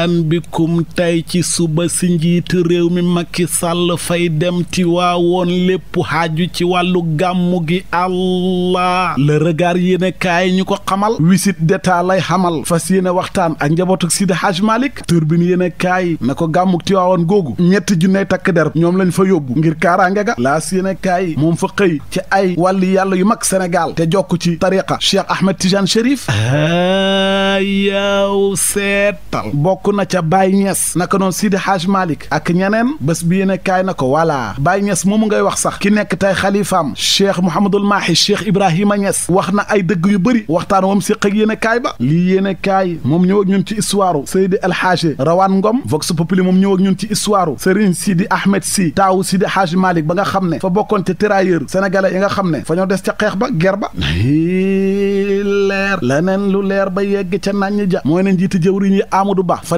laan bikum tay ci suba si njiitu réew mi Macky Sall fay dem Tiwaawoon lépp xaaju ci wàllu gàmmu gi allah le regard yéene kaay ñu ko xamal visite d'état lay xamal fas yéene waxtaan ak njabootu Sidi Hadj Malick turbine yéene kaay na ko gàmmu Tiwaawoon googu ñetti junney takk der ñoom lañ fa yóbbu ngir kaaraange ga laas yéene kaay moom fa xëy ci ay wàlli yàlla yu mag Sénégal te jokk ci tariqa Cheikh Ahmed Tijane Chérif ah, yaw seetal bokk na ca Baye Niass naka noonu Sidi Hadj Malick ak ñeneen bés bi yéene kaay na ko voilà Baye Niass moomu ngay wax sax ki nekk tey xalifaam Cheikh Mouhamadul Mahi Cheikh Ibrahima Niass wax na ay dëgg yu bëri waxtaan wam séq ak yéene kaay ba lii yéene kaay moom ñëw ak ñun ci histoire Seydi El Hadji Rawane Ngom Vox Populi moom ñëw ak ñun ci histoire Serigne Sidi Ahmed Sy taawu Sidi Hadj Malick ba nga xam ne fa bokkoon te tirailleur sénégalais yi nga xam ne fa ñoo des ca ba ger ba leer leneen lu leer ba yegg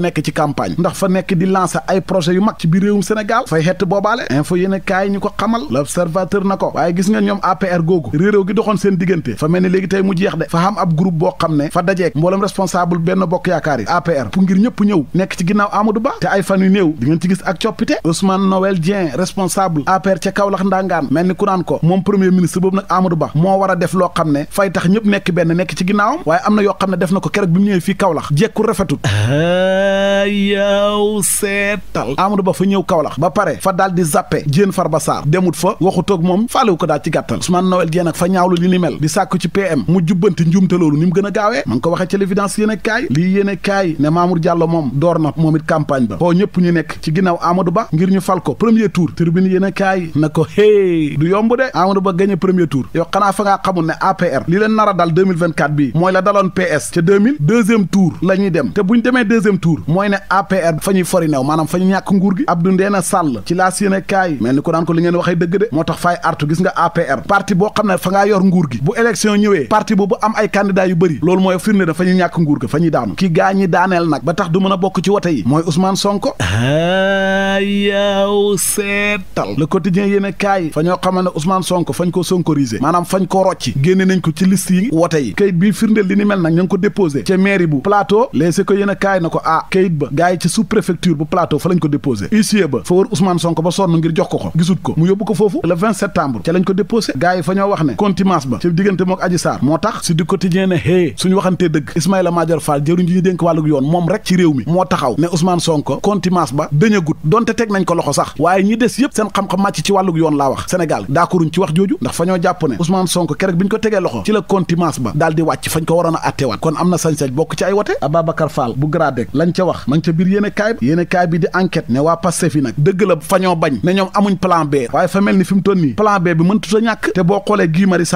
nekk ci campagne ndax fa nekk di lancer ay projet yu mag ci réewum Sénégal fay xett boobaale info yéen kaay ñu ko xamal l'observateur na ko waaye gis nga ñoom APR googu réeréew gi doxoon seen diggante fa mel ni léegi tey mu jeex de fa xam ab groupe boo xam ne fa dajeek mboolem responsable benn bokk yaakaar yi APR pour ngir ñëpp ñëw nekk ci ginnaaw Amadou Ba te ay fan yu néew di ngeen ci gis ak coppite Ousmane Noël Dieng responsable APR ca Kaolack ku naan ko moom premier ministre boobu moo war a def loo xam ne fay tax ñëpp nekk benn nekk ci ginnaawam waaye am na yoo xam ne yow seetal Amadou Ba fa ñëw Kaolack ba pare fa daal di zappe far Farba Sarr demut fa waxu toog moom faalewu ko daal ci gàttal Ousmane Noël Diène ak fa ñaawlu li ni mel di sàkku ci PM mu jubbanti njuumte loolu ni mu gën a gaawee ma ngi ko waxee ci l'évidence yéen e kaay lii yéen e kaay ne Mamour Diallo moom door na moom it campagne ba boo ñëpp ñu nekk ci ginnaaw Amadou Ba ngir ñu fal ko premier tour tribune yéen e kaay na ko hey du yomb de Amadou Ba gagné premier tour yow xanaa a dal 2024 bii mooy la daloon PS dem te buñ demee deuxième tour mooy ne APR fa ñuy fori maanaam fa ñàkk nguur gi ab Abdou Ndéna Sall ci laas yéene kaay mel ni ku naan ko li ngeen waxee dëgg de moo tax fay artu gis nga APR parti boo xam ne fa ngaa yor nguur gi bu élection ñëwee parti boobu am ay candidat yu bëri loolu mooy firnde na fa ñu ñàkk nguur ga fa ñuy daanu ki gaa ñi daaneel nag ba tax du mën a bokk ci wote yi mooy Ousmane Sonko ko seetal le quotidien yéen a kaay fa ñoo xamal ne Ousmane Sonko fañ ko sonkorisé maanaam fañ ko rocci génne nañ ko ci liste yi wote yi kayit bii firndeel li ni mel nag ña ko déposé ca mairie bu plateau les ko yéen a na ko ah kayit ba gars yi ci sous préfecture bu plateau fa lañ ko déposé huissier ba fa wër Ousmane Sonko ba sonn ngir jox ko ko gisut ko mu yóbbu ko foofu le ca lañ ko déposé gars fa ñoo wax ne contimence ba ci diggante mook yoon moom rek ci réew mi moo taxaw ne Ousmane Sonko contimence ba dëñagut teg nañ ko loxo sax waaye ñi des yëpp seen xam-xam màcc ci wàllug yoon laa wax Sénégal d'accorduñ ci wax jooju ndax fa ñoo jàpp ne Ousmane Sonko keroog bi ñu ko tegee loxo ci la contumace ba daal di wàcc fañ ko waroon a attewaat kon am na sañ-sañ bokk ci ay wote Ababacar Fall bu Gradec lañ ca wax ma ngi ca biir yéene kaay bi yéene kaay bi di enquête ne waa Pastef yi nag dëgg la fa ñoo bañ ne ñoom amuñ plan B waaye fa mel ni fi mu nii plan B bi mëntuta ñàkk te bo xoolee Guy Marius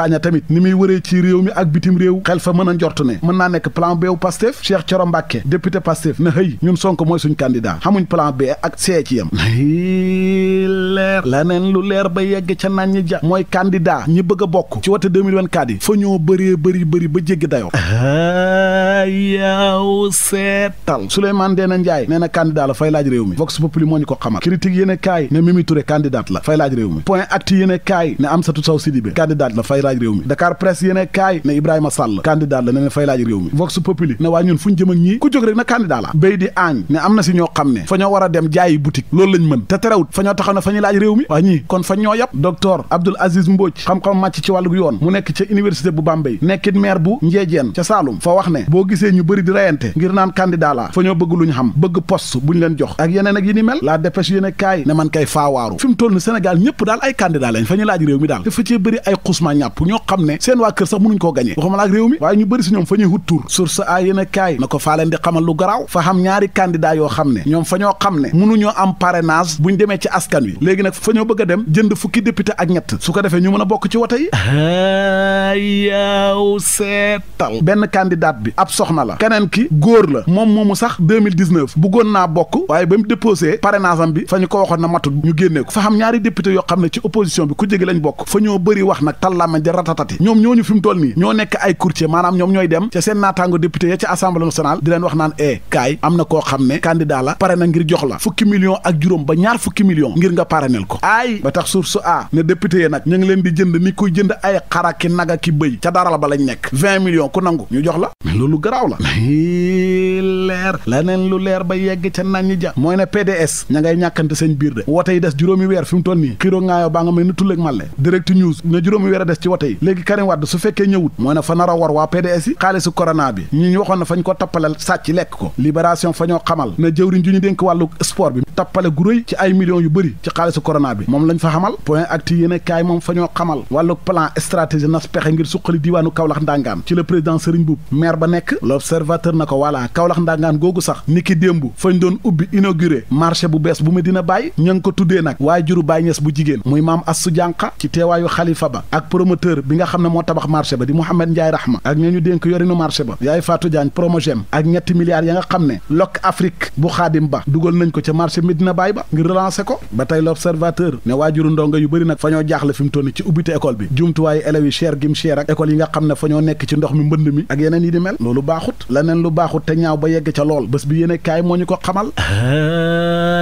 ni muy wëree ci réew mi ak bitim réew xel fa mën a njort ne mën naa nekk plan B wu Pastef Cheikh Thioro Mbacké député Pastef na hëy mooy suñ candidat xamuñ plan B ak C ci leer laneen lu leer ba yegg ca nañ ja mooy candidat ñi bëgg a bokk ci wote 2024 fa ñoo bëree bëri ba jéggi dayoo yaw seetal Souleymane Ndéné Ndiaye nee na candidat la fay laaj réew mi Vox Populi moo ñu ko xamal critique yéene kaay ne Mimi Touré candidat la fay laaj réew mi point actu yéene kaay la fay laaj réew mi Dakar Presse yéene kaay ne Ibrahima Sall candidat la ne fay laaj réew mi ne waa ñun fu ñu ñii ku jóg rek na candidat la béy di aañ ne am na si ñoo xam ne fa ñoo war a dem jaayi boutique loolu taxawut fa ñoo taxaw ne fa ñuy laaj réew mi waa ñii kon fa ñoo yàpp docteur Abdoul Aziz Mbodj xam-xam màcc ci wàllu yoon mu nekk ca université bu Bambey nekkit maire bu Njeejeen ca Saalum fa wax ne boo gisee ñu bëri di reyante ngir naan candidat la fa ñoo bëgg lu xam bëgg poste buñ leen jox ak yeneen ak yi ni mel la dépêche yéen ne man kay faawaaru fi mu toll ni Sénégal daal ay candidat lañ fa ñuy laaj réew mi daal dafa cee bëri ay xusma ñàpp amee ci askan wi léegi nag fa ñoo bëgg a dem jënd fukki député ak ñett su ko defee ñu mën a bokk ci wote yi yaaw seetal benn candidat bi ab soxna la keneen ki góor la moom moomu sax 2019 bëggoon naa bokk waaye ba mu déposé parrainage am bi fa ñu ko waxoon na matut ñu génnee ko fa xam ñaari député yoo xam ne ci opposition bi ku jégi lañ bokk fa ñoo bëri wax nag tallamañ ja ratatati ñoom ñooñu fi mu toll nii ñoo nekk ay courtier maanaam ñoom ñooy dem ca seen naataango député ya leen wax naan e kaay am xam ne candidat la pare na ngir jox la fukki million ak juróom millions ngir nga paranel ko aay ba tax source a ne député yi nag ñu ngi leen di jënd ni kuy jënd ay xara ki naga ki bëy ca daral ba lañ nekk vingt millions ku nangu ñu jox la mais loolu garaaw la leer leneen lu leer ba yegg ca nañ ja mooy ne PDS ña ngay ñàkkante seen biir de wote yi des juróomi weer fi mu toll nii xiiroo ngaayoo baa nga mel ni tulleeg màlle direct news ne juróomi weer a des ci wote yi léegi Karim Wade su fekkee ñëwut mooy ne fa nar a war waa PDS yi xaalisu ko tappaleel sàcc lekk ko millions yu bëri ci xaalisu corona bi moom lañ fa xamal point acti yéene kaay moom fa ñoo xamal wàllu plan stratégie nas pexe ngir suqali diiwaanu Kaolack ndangaan ci la président Serigne bu maire ba nekk l'observateur na ko voilà Kaolack ndangaan googu sax niki démb fañ doon ubbi inauguré marché bu bees bu Medina Baye ña ngi ko tuddee nag waaye juru Baye Niass bu jigéen muy maam Assu Jànqa ci teewaayu xalifa ba ak promoteur bi nga xam ne moo tabax marché ba di Mouhamed Ndiaye Rahma ak ña ñu dénk yorinu marché ba yaay Fatou Diagne promogem ak ñetti milliards ya nga xam ne Lok Afrique bu Xaadim Ba dugal nañ ko ca marché Medina Baye ba dénoncé ko ba tey l'observateur ne waajuru ndongo yu bëri nag fa ñoo jaaxle fi mu toll ci ubbite école bi jumtuwaayu élèves yi cher gim cher ak école yi nga xam ne fa ñoo nekk ci ndox mi mbënd mi ak yeneen yi di mel loolu baaxut leneen lu baaxut te ñaaw ba yegg ca lool bés bi yéene kaay moo ñu ko xamal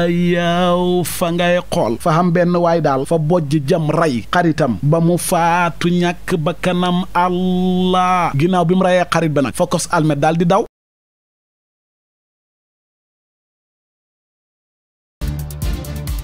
yaaw fa ngay xool fa xam benn waay daal fa bojj jam ray xaritam ba mu faatu ñàkk ba kanam allah ginnaaw bi mu rayee xarit ba nag fa kos almet daal di daw